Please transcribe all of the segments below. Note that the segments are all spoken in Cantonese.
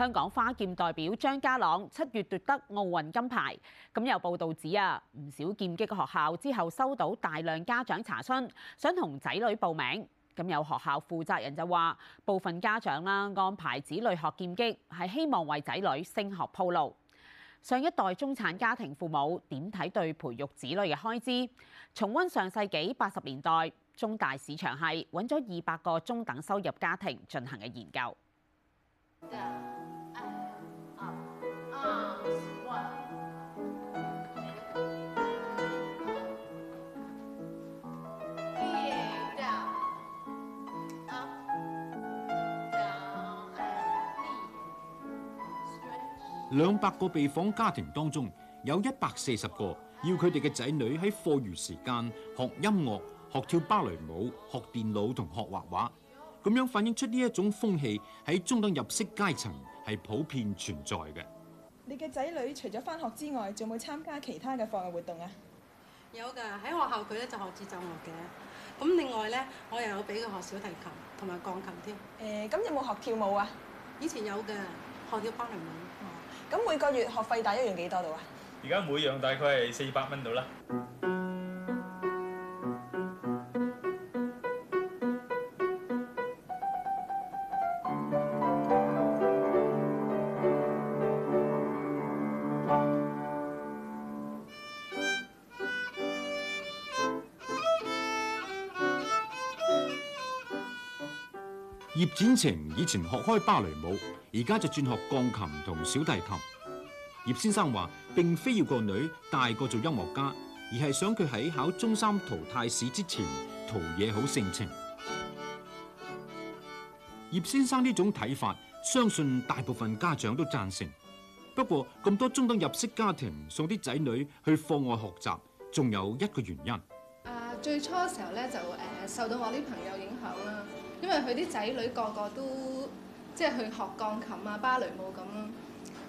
香港花劍代表張家朗七月奪得奧運金牌，咁有報道指啊，唔少劍擊嘅學校之後收到大量家長查詢，想同仔女報名。咁有學校負責人就話，部分家長啦安排子女學劍擊，係希望為仔女升學鋪路。上一代中產家庭父母點睇對培育子女嘅開支？重溫上世紀八十年代中大市場系揾咗二百個中等收入家庭進行嘅研究。兩百個被訪家庭當中，有一百四十個要佢哋嘅仔女喺課餘時間學音樂、學跳芭蕾舞、學電腦同學畫畫。.咁樣反映出呢一種風氣喺中等入息階層係普遍存在嘅。你嘅仔女除咗翻學之外，仲有冇參加其他嘅課外活動啊？有噶，喺學校佢咧就學節奏樂嘅。咁另外咧，我又有俾佢學小提琴同埋鋼琴添。誒，咁有冇學跳舞啊？以前有噶，學咗芭蕾舞。咁每個月學費大一樣幾多度啊？而家每樣大概係四百蚊度啦。葉展晴以前學開芭蕾舞，而家就轉學鋼琴同小提琴。葉先生話，並非要個女大個做音樂家，而係想佢喺考中三淘汰試之前陶冶好性情。葉先生呢種睇法，相信大部分家長都贊成。不過咁多中等入息家庭送啲仔女去課外學習，仲有一個原因。最初嘅時候咧，就誒受到我啲朋友影響啦，因為佢啲仔女個個都即係去學鋼琴啊、芭蕾舞咁。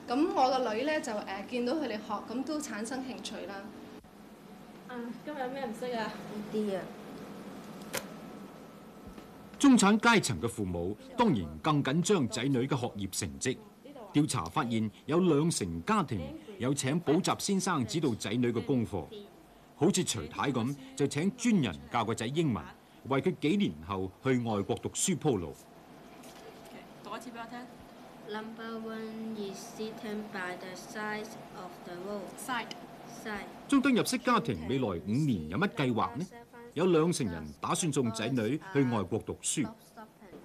咁我個女咧就誒見到佢哋學，咁都產生興趣啦。今日有咩唔識啊？呢啲啊。中產階層嘅父母當然更緊張仔女嘅學業成績。調查發現有兩成家庭有請補習先生指導仔女嘅功課。好似徐太咁，就請專人教個仔英文，為佢幾年後去外國讀書鋪路。讀一次俾我聽。Number one is sitting by the side of the road. Side, side。中等入息家庭未來五年有乜計劃呢？有兩成人打算送仔女去外國讀書。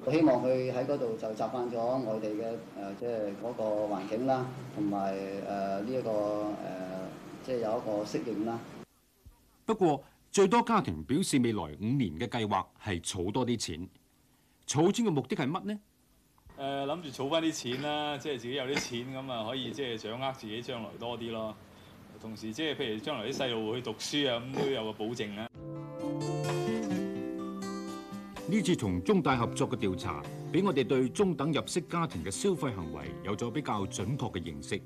我希望佢喺嗰度就習慣咗我哋嘅誒，即係嗰個環境啦，同埋誒呢一個誒，即係有一個適應啦。不過，最多家庭表示未來五年嘅計劃係儲多啲錢。儲錢嘅目的係乜呢？誒、呃，諗住儲翻啲錢啦，即係自己有啲錢咁啊，可以即係掌握自己將來多啲咯。同時，即係譬如將來啲細路去讀書啊，咁都有個保證啦。呢次同中大合作嘅調查，俾我哋對中等入息家庭嘅消費行為有咗比較準確嘅認識。